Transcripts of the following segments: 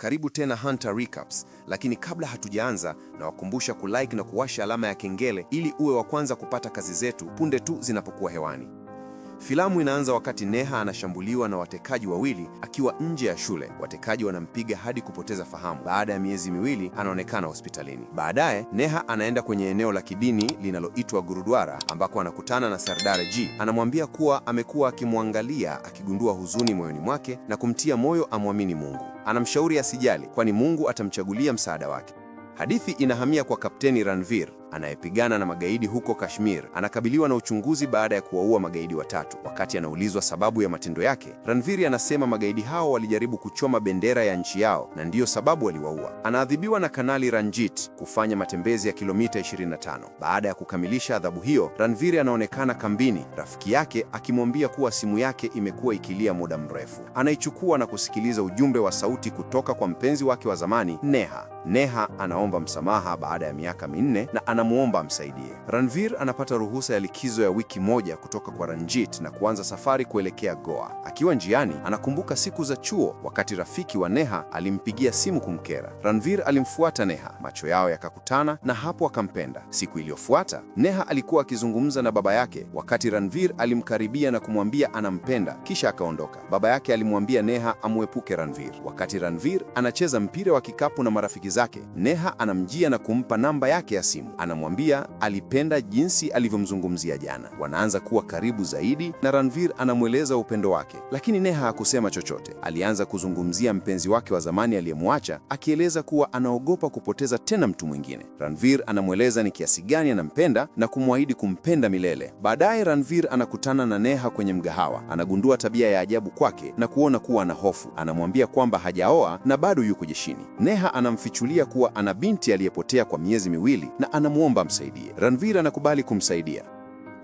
Karibu tena Hunter Recaps, lakini kabla hatujaanza, nawakumbusha kulike na kuwasha alama ya kengele ili uwe wa kwanza kupata kazi zetu punde tu zinapokuwa hewani. Filamu inaanza wakati Neha anashambuliwa na watekaji wawili akiwa nje ya shule. Watekaji wanampiga hadi kupoteza fahamu. Baada ya miezi miwili, anaonekana hospitalini. Baadaye Neha anaenda kwenye eneo la kidini linaloitwa Gurudwara ambako anakutana na Sardar G. Anamwambia kuwa amekuwa akimwangalia, akigundua huzuni moyoni mwake na kumtia moyo amwamini Mungu. Anamshauri asijali, kwani Mungu atamchagulia msaada wake. Hadithi inahamia kwa Kapteni Ranveer anayepigana na magaidi huko Kashmir anakabiliwa na uchunguzi baada ya kuwaua magaidi watatu. Wakati anaulizwa sababu ya matendo yake, Ranveer anasema magaidi hao walijaribu kuchoma bendera ya nchi yao na ndiyo sababu waliwaua. Anaadhibiwa na Kanali Ranjit kufanya matembezi ya kilomita 25. Baada ya kukamilisha adhabu hiyo, Ranveer anaonekana kambini, rafiki yake akimwambia kuwa simu yake imekuwa ikilia muda mrefu. Anaichukua na kusikiliza ujumbe wa sauti kutoka kwa mpenzi wake wa zamani Neha. Neha anaomba msamaha baada ya miaka minne na anamwomba amsaidie. Ranveer anapata ruhusa ya likizo ya wiki moja kutoka kwa Ranjit na kuanza safari kuelekea Goa. Akiwa njiani, anakumbuka siku za chuo wakati rafiki wa Neha alimpigia simu kumkera. Ranveer alimfuata Neha, macho yao yakakutana na hapo akampenda. Siku iliyofuata, Neha alikuwa akizungumza na baba yake wakati Ranveer alimkaribia na kumwambia anampenda kisha akaondoka. Baba yake alimwambia Neha amwepuke Ranveer. Wakati Ranveer anacheza mpira wa kikapu na marafiki zake, Neha anamjia na kumpa namba yake ya simu anamwambia alipenda jinsi alivyomzungumzia jana. Wanaanza kuwa karibu zaidi na Ranveer anamweleza upendo wake, lakini Neha hakusema chochote. Alianza kuzungumzia mpenzi wake wa zamani aliyemwacha, akieleza kuwa anaogopa kupoteza tena mtu mwingine. Ranveer anamweleza ni kiasi gani anampenda na kumwahidi kumpenda milele. Baadaye Ranveer anakutana na Neha kwenye mgahawa, anagundua tabia ya ajabu kwake na kuona kuwa ana hofu. Anamwambia kwamba hajaoa na bado yuko jeshini. Neha anamfichulia kuwa ana binti aliyepotea kwa miezi miwili na anam anamwomba msaidie. Ranveer anakubali kumsaidia.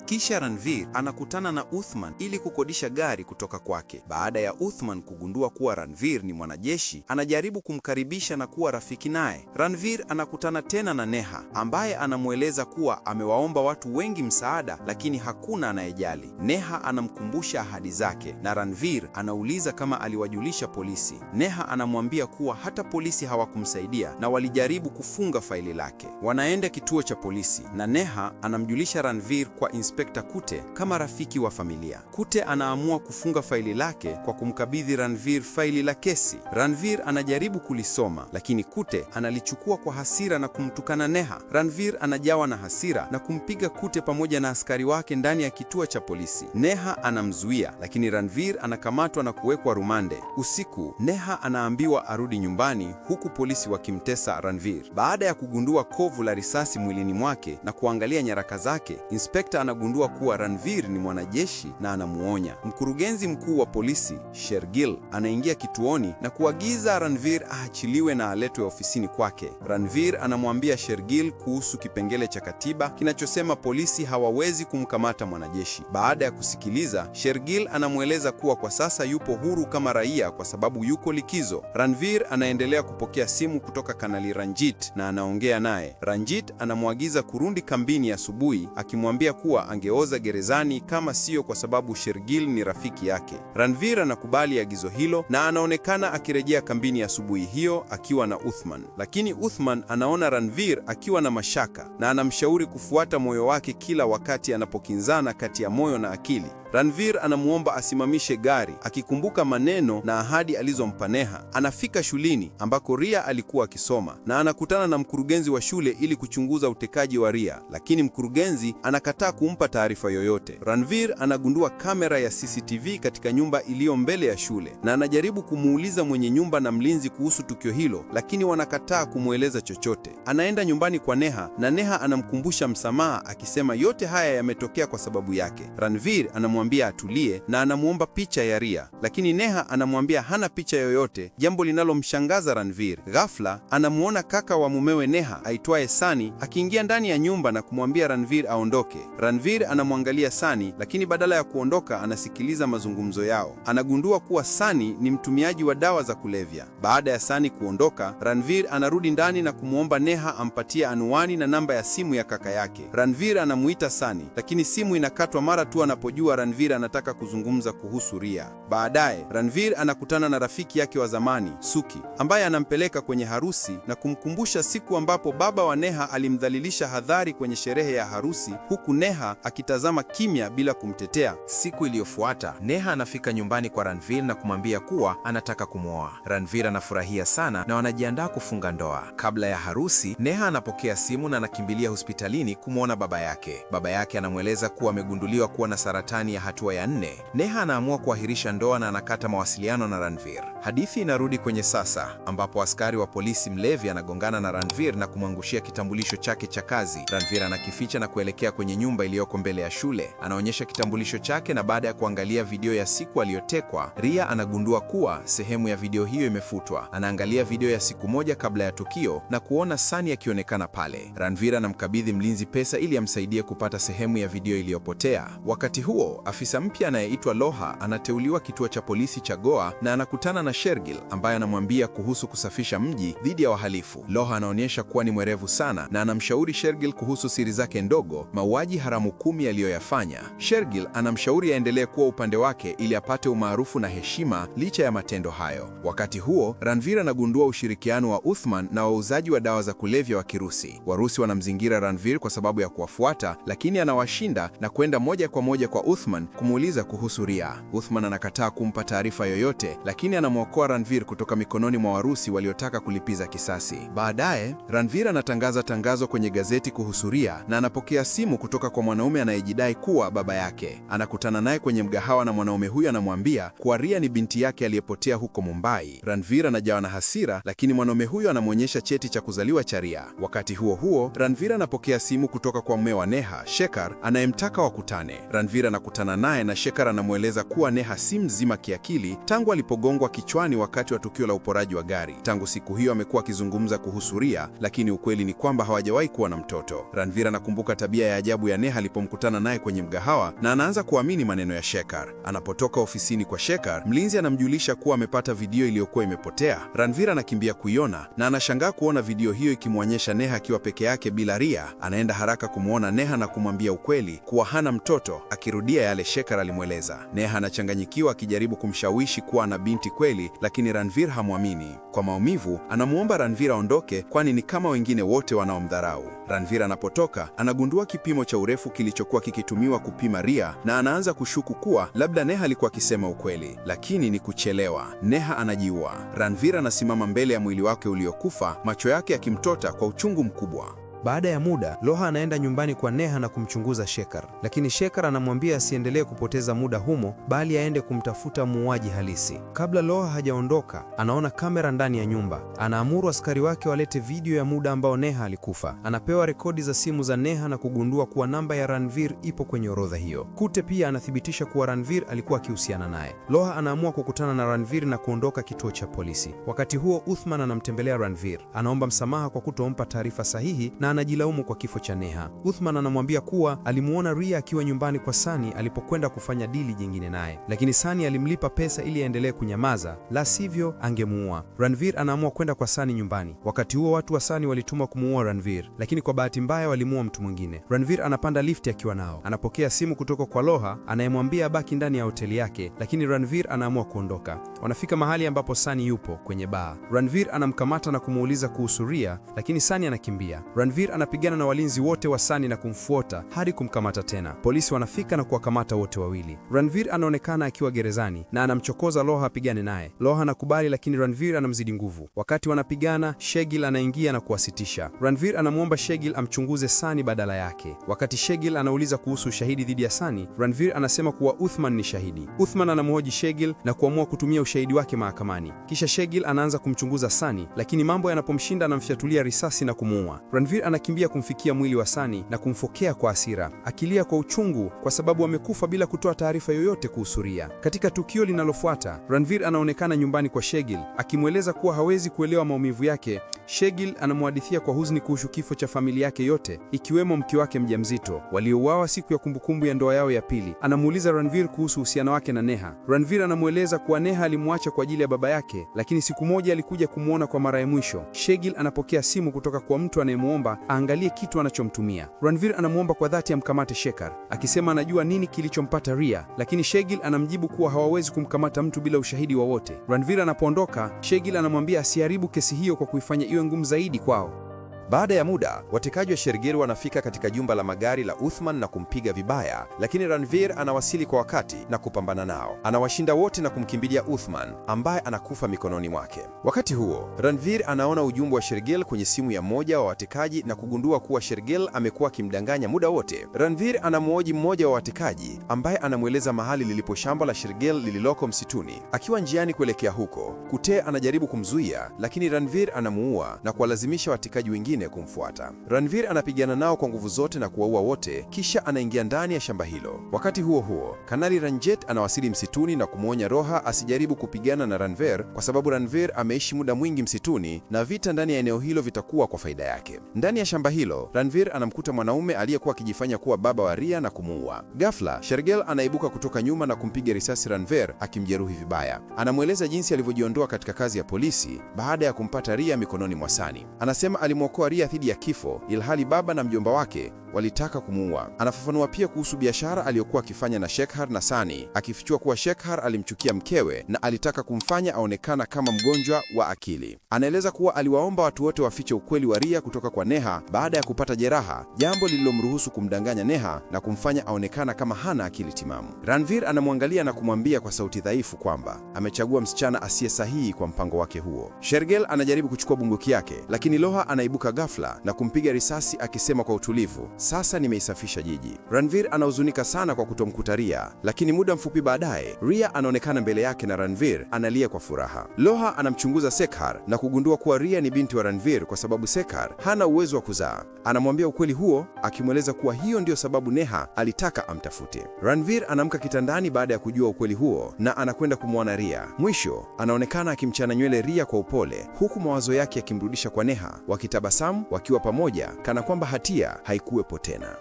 Kisha Ranveer anakutana na Uthman ili kukodisha gari kutoka kwake. Baada ya Uthman kugundua kuwa Ranveer ni mwanajeshi, anajaribu kumkaribisha na kuwa rafiki naye. Ranveer anakutana tena na Neha ambaye anamweleza kuwa amewaomba watu wengi msaada, lakini hakuna anayejali. Neha anamkumbusha ahadi zake na Ranveer anauliza kama aliwajulisha polisi. Neha anamwambia kuwa hata polisi hawakumsaidia na walijaribu kufunga faili lake. Wanaenda kituo cha polisi na Neha anamjulisha Ranveer kwa Inspekta Kute kama rafiki wa familia. Kute anaamua kufunga faili lake kwa kumkabidhi Ranveer faili la kesi. Ranveer anajaribu kulisoma, lakini Kute analichukua kwa hasira na kumtukana Neha. Ranveer anajawa na hasira na kumpiga Kute pamoja na askari wake ndani ya kituo cha polisi. Neha anamzuia, lakini Ranveer anakamatwa na kuwekwa rumande. Usiku, Neha anaambiwa arudi nyumbani huku polisi wakimtesa Ranveer. Baada ya kugundua kovu la risasi mwilini mwake na kuangalia nyaraka zake, Inspekta anagundua anagundua kuwa Ranveer ni mwanajeshi na anamuonya. Mkurugenzi mkuu wa polisi Shergill anaingia kituoni na kuagiza Ranveer aachiliwe na aletwe ofisini kwake. Ranveer anamwambia Shergill kuhusu kipengele cha katiba kinachosema polisi hawawezi kumkamata mwanajeshi. Baada ya kusikiliza, Shergill anamweleza kuwa kwa sasa yupo huru kama raia kwa sababu yuko likizo. Ranveer anaendelea kupokea simu kutoka Kanali Ranjit na anaongea naye. Ranjit anamwagiza kurudi kambini asubuhi akimwambia kuwa angeoza gerezani kama siyo kwa sababu Shergill ni rafiki yake. Ranveer anakubali agizo hilo na anaonekana akirejea kambini asubuhi hiyo akiwa na Uthman, lakini Uthman anaona Ranveer akiwa na mashaka na anamshauri kufuata moyo wake kila wakati anapokinzana kati ya moyo na akili ranvir anamwomba asimamishe gari akikumbuka maneno na ahadi alizompa Neha. Anafika shulini ambako Ria alikuwa akisoma na anakutana na mkurugenzi wa shule ili kuchunguza utekaji wa Ria, lakini mkurugenzi anakataa kumpa taarifa yoyote. ranvir anagundua kamera ya CCTV katika nyumba iliyo mbele ya shule na anajaribu kumuuliza mwenye nyumba na mlinzi kuhusu tukio hilo, lakini wanakataa kumweleza chochote. Anaenda nyumbani kwa Neha na Neha anamkumbusha msamaha akisema yote haya yametokea kwa sababu yake. Ranvir anamwambia anamwambia atulie na anamwomba picha ya Ria, lakini Neha anamwambia hana picha yoyote, jambo linalomshangaza Ranveer. Ghafla anamwona kaka wa mumewe Neha aitwaye Sani akiingia ndani ya nyumba na kumwambia Ranveer aondoke. Ranveer anamwangalia Sani, lakini badala ya kuondoka anasikiliza mazungumzo yao. Anagundua kuwa Sani ni mtumiaji wa dawa za kulevya. Baada ya Sani kuondoka, Ranveer anarudi ndani na kumwomba Neha ampatie anwani na namba ya simu ya kaka yake. Ranveer anamuita Sani, lakini simu inakatwa mara tu anapojua Ranveer Ranveer anataka kuzungumza kuhusu Ria. Baadaye Ranveer anakutana na rafiki yake wa zamani Suki, ambaye anampeleka kwenye harusi na kumkumbusha siku ambapo baba wa Neha alimdhalilisha hadhari kwenye sherehe ya harusi, huku Neha akitazama kimya bila kumtetea. Siku iliyofuata Neha anafika nyumbani kwa Ranveer na kumwambia kuwa anataka kumwoa. Ranveer anafurahia sana na wanajiandaa kufunga ndoa. Kabla ya harusi, Neha anapokea simu na anakimbilia hospitalini kumwona baba yake. Baba yake anamweleza kuwa amegunduliwa kuwa na saratani ya hatua ya nne, Neha anaamua kuahirisha ndoa na anakata mawasiliano na Ranveer. Hadithi inarudi kwenye sasa, ambapo askari wa polisi mlevi anagongana na Ranveer na kumwangushia kitambulisho chake cha kazi. Ranveer anakificha na kuelekea kwenye nyumba iliyoko mbele ya shule. Anaonyesha kitambulisho chake, na baada ya kuangalia video ya siku aliyotekwa, Ria anagundua kuwa sehemu ya video hiyo imefutwa. Anaangalia video ya siku moja kabla ya tukio na kuona Sani akionekana pale. Ranveer anamkabidhi mlinzi pesa ili amsaidie kupata sehemu ya video iliyopotea. Wakati huo afisa mpya anayeitwa Loha anateuliwa kituo cha polisi cha Goa na anakutana na Shergil ambaye anamwambia kuhusu kusafisha mji dhidi ya wahalifu. Loha anaonyesha kuwa ni mwerevu sana na anamshauri Shergil kuhusu siri zake ndogo, mauaji haramu kumi aliyoyafanya. Shergil anamshauri aendelee kuwa upande wake ili apate umaarufu na heshima licha ya matendo hayo. Wakati huo, ranvir anagundua ushirikiano wa Uthman na wauzaji wa dawa za kulevya wa Kirusi. Warusi wanamzingira ranvir kwa sababu ya kuwafuata, lakini anawashinda na kwenda moja kwa moja kwa Uthman Uthman kumuuliza kuhusu Ria. Uthman anakataa kumpa taarifa yoyote, lakini anamwokoa Ranvir kutoka mikononi mwa Warusi waliotaka kulipiza kisasi. Baadaye Ranvir anatangaza tangazo kwenye gazeti kuhusu Ria na anapokea simu kutoka kwa mwanaume anayejidai kuwa baba yake. Anakutana naye kwenye mgahawa na mwanaume huyo anamwambia kuwa Ria ni binti yake aliyepotea huko Mumbai. Ranvir anajawa na hasira, lakini mwanaume huyo anamwonyesha cheti cha kuzaliwa cha Ria. Wakati huo huo, Ranvir anapokea simu kutoka kwa mume wa Neha, shekar anayemtaka wakutane. Ranvir anakutana anakutana naye na shekar anamweleza kuwa Neha si mzima kiakili tangu alipogongwa kichwani wakati wa tukio la uporaji wa gari. Tangu siku hiyo amekuwa akizungumza kuhusu Ria, lakini ukweli ni kwamba hawajawahi kuwa na mtoto. ranvir anakumbuka tabia ya ajabu ya Neha alipomkutana naye kwenye mgahawa na anaanza kuamini maneno ya shekar Anapotoka ofisini kwa shekar mlinzi anamjulisha kuwa amepata video iliyokuwa imepotea. ranvira anakimbia kuiona na anashangaa kuona video hiyo ikimwonyesha Neha akiwa peke yake bila Ria. Anaenda haraka kumwona Neha na kumwambia ukweli kuwa hana mtoto, akirudia ya yale Shekhar alimweleza. Neha anachanganyikiwa akijaribu kumshawishi kuwa ana binti kweli, lakini Ranveer hamwamini. Kwa maumivu, anamwomba Ranveer aondoke, kwani ni kama wengine wote wanaomdharau. Ranveer anapotoka, anagundua kipimo cha urefu kilichokuwa kikitumiwa kupima Ria na anaanza kushuku kuwa labda Neha alikuwa akisema ukweli, lakini ni kuchelewa. Neha anajiua. Ranveer anasimama mbele ya mwili wake uliokufa, macho yake yakimtota kwa uchungu mkubwa. Baada ya muda, Loha anaenda nyumbani kwa Neha na kumchunguza shekar lakini shekar anamwambia asiendelee kupoteza muda humo, bali aende kumtafuta muuaji halisi. Kabla Loha hajaondoka, anaona kamera ndani ya nyumba. Anaamuru askari wake walete video ya muda ambao Neha alikufa. Anapewa rekodi za simu za Neha na kugundua kuwa namba ya Ranvir ipo kwenye orodha hiyo. Kute pia anathibitisha kuwa Ranvir alikuwa akihusiana naye. Loha anaamua kukutana na Ranvir na kuondoka kituo cha polisi. Wakati huo, Uthman anamtembelea Ranvir, anaomba msamaha kwa kutompa taarifa sahihi na anajilaumu kwa kifo cha Neha. Uthman anamwambia kuwa alimuona Ria akiwa nyumbani kwa Sani alipokwenda kufanya dili jingine naye, lakini Sani alimlipa pesa ili aendelee kunyamaza, la sivyo angemuua. Ranvir anaamua kwenda kwa Sani nyumbani. Wakati huo watu wa Sani walituma kumuua Ranvir, lakini kwa bahati mbaya walimuua mtu mwingine. Ranvir anapanda lifti akiwa nao, anapokea simu kutoka kwa Loha anayemwambia abaki ndani ya hoteli yake, lakini Ranvir anaamua kuondoka. Wanafika mahali ambapo Sani yupo kwenye baa. Ranvir anamkamata na kumuuliza kuhusu Ria, lakini Sani anakimbia. Ranveer Shabir anapigana na walinzi wote wa Sani na kumfuata hadi kumkamata tena. Polisi wanafika na kuwakamata wote wawili. Ranvir anaonekana akiwa gerezani na anamchokoza Loha apigane naye. Loha anakubali, lakini Ranvir anamzidi nguvu. Wakati wanapigana, Shegil anaingia na kuwasitisha. Ranvir anamwomba Shegil amchunguze Sani badala yake. Wakati Shegil anauliza kuhusu ushahidi dhidi ya Sani, Ranvir anasema kuwa Uthman ni shahidi. Uthman anamhoji Shegil na kuamua kutumia ushahidi wake mahakamani. Kisha Shegil anaanza kumchunguza Sani, lakini mambo yanapomshinda anamfyatulia risasi na kumuua. Ranveer anakimbia kumfikia mwili wa Sani na kumfokea kwa hasira, akilia kwa uchungu kwa sababu amekufa bila kutoa taarifa yoyote kuhusu Ria. Katika tukio linalofuata, Ranveer anaonekana nyumbani kwa Shegil akimweleza kuwa hawezi kuelewa maumivu yake. Shegil anamwadithia kwa huzuni kuhusu kifo cha familia yake yote, ikiwemo mke wake mjamzito waliouawa siku ya kumbukumbu ya ndoa yao ya pili. Anamuuliza Ranveer kuhusu uhusiano wake na Neha. Ranveer anamweleza kuwa Neha alimwacha kwa ajili ya baba yake, lakini siku moja alikuja kumwona kwa mara ya mwisho. Shegil anapokea simu kutoka kwa mtu anayemwomba aangalie kitu anachomtumia. Ranveer anamwomba kwa dhati amkamate Shekhar, akisema anajua nini kilichompata Ria, lakini Shegil anamjibu kuwa hawawezi kumkamata mtu bila ushahidi wowote. Ranveer anapoondoka, Shegil anamwambia asiharibu kesi hiyo kwa kuifanya iwe ngumu zaidi kwao. Baada ya muda, watekaji wa Shergil wanafika katika jumba la magari la Uthman na kumpiga vibaya, lakini Ranveer anawasili kwa wakati na kupambana nao. Anawashinda wote na kumkimbilia Uthman ambaye anakufa mikononi mwake. Wakati huo, Ranveer anaona ujumbe wa Shergil kwenye simu ya mmoja wa watekaji na kugundua kuwa Shergil amekuwa akimdanganya muda wote. Ranveer anamwoji mmoja wa watekaji ambaye anamweleza mahali lilipo shamba la Shergil lililoko msituni. Akiwa njiani kuelekea huko, Kutee anajaribu kumzuia, lakini Ranveer anamuua na kuwalazimisha watekaji wengine wengine kumfuata. Ranveer anapigana nao kwa nguvu zote na kuwaua wote, kisha anaingia ndani ya shamba hilo. Wakati huo huo, Kanali Ranjit anawasili msituni na kumwonya Roha asijaribu kupigana na Ranveer kwa sababu Ranveer ameishi muda mwingi msituni na vita ndani ya eneo hilo vitakuwa kwa faida yake. Ndani ya shamba hilo, Ranveer anamkuta mwanaume aliyekuwa akijifanya kuwa baba wa Ria na kumuua. Ghafla, Shergel anaibuka kutoka nyuma na kumpiga risasi Ranveer akimjeruhi vibaya. Anamweleza jinsi alivyojiondoa katika kazi ya polisi baada ya kumpata Ria mikononi mwa Sani. Anasema alimwokoa alipoaria dhidi ya kifo, ilhali baba na mjomba wake walitaka kumuua. Anafafanua pia kuhusu biashara aliyokuwa akifanya na Shekhar na Sani, akifichua kuwa Shekhar alimchukia mkewe na alitaka kumfanya aonekana kama mgonjwa wa akili. Anaeleza kuwa aliwaomba watu wote wafiche ukweli wa Ria kutoka kwa Neha baada ya kupata jeraha, jambo lililomruhusu kumdanganya Neha na kumfanya aonekana kama hana akili timamu. Ranveer anamwangalia na kumwambia kwa sauti dhaifu kwamba amechagua msichana asiye sahihi kwa mpango wake huo. Shergel anajaribu kuchukua bunduki yake, lakini Loha anaibuka ghafla na kumpiga risasi akisema kwa utulivu sasa nimeisafisha jiji. Ranveer anahuzunika sana kwa kutomkuta Ria, lakini muda mfupi baadaye Ria anaonekana mbele yake na Ranveer analia kwa furaha. Loha anamchunguza Sekhar na kugundua kuwa Ria ni binti wa Ranveer kwa sababu Sekhar hana uwezo wa kuzaa. Anamwambia ukweli huo akimweleza kuwa hiyo ndiyo sababu Neha alitaka amtafute. Ranveer anamka kitandani baada ya kujua ukweli huo na anakwenda kumwona Ria. Mwisho anaonekana akimchana nywele Ria kwa upole, huku mawazo yake yakimrudisha kwa Neha, wakitabasamu wakiwa pamoja, kana kwamba hatia haikuwepo hapo tena.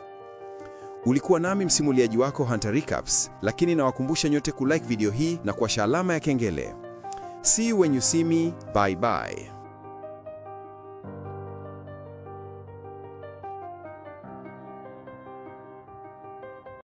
Ulikuwa nami msimuliaji wako Hunter Recaps, lakini nawakumbusha nyote kulike video hii na kuwasha alama ya kengele. See you when you see me. Bye bye.